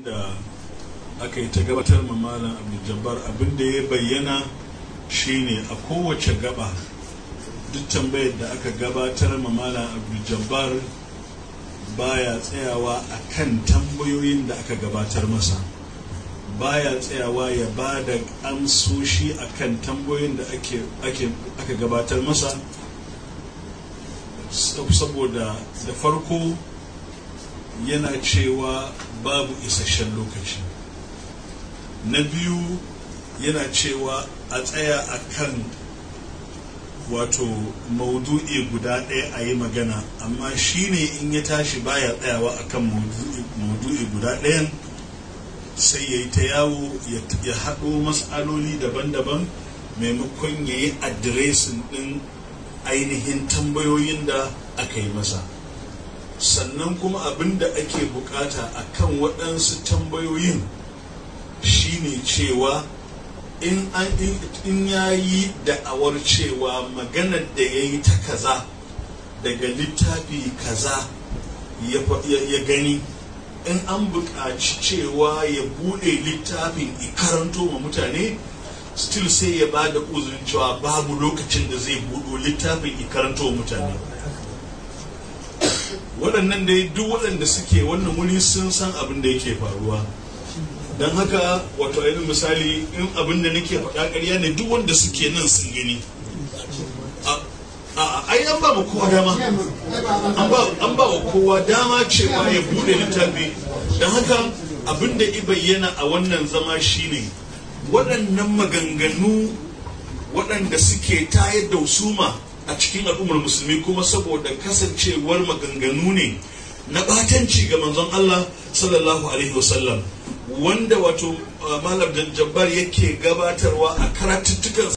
da aka yi ta gabatar ma malam abin da ya bayyana shine a kowace gaba duk tambayar da aka gabatar ma malam abdul baya tsayawa a kan tambayoyin da aka gabatar masa baya tsayawa ya ba da amsoshi a kan tambayoyin da aka gabatar masa saboda da farko yana cewa babu isasshen lokaci na biyu yana cewa a tsaya a kan wato maudu'i guda ɗaya a yi magana amma shi ne in ya tashi baya tsayawa a kan maudu'i guda ɗayan sai ya yi ta yawo ya haɗo matsaloli daban-daban maimakon ya yi adiresin ɗin ainihin tambayoyin da aka yi masa sannan kuma abin da ake bukata a kan waɗansu tambayoyin shine cewa in an ya yi da'awar cewa maganar da ya yi ta kaza daga littafi kaza ya gani in an buƙaci cewa ya buɗe littafin ikaranto ma mutane still sai ya ba da uzurin cewa babu lokacin da zai buɗo littafin karanto mutane waɗannan dai duk waɗanda suke wannan wuri sun san abin da yake faruwa don haka wato ainihin misali in abin da nake faɗa ƙarya ne duk wanda suke nan sun gani ai an ba mu kowa dama an ba wa kowa dama cewa ya bude littafi don haka abin da bayyana a wannan zama shine waɗannan maganganu waɗanda suke ta da husuma a cikin al'ummar musulmi kuma saboda kasancewar maganganu ne na batanci ga manzon Allah sallallahu alaihi wasallam wanda wato uh, malam jabbar yake gabatarwa a karatuttukan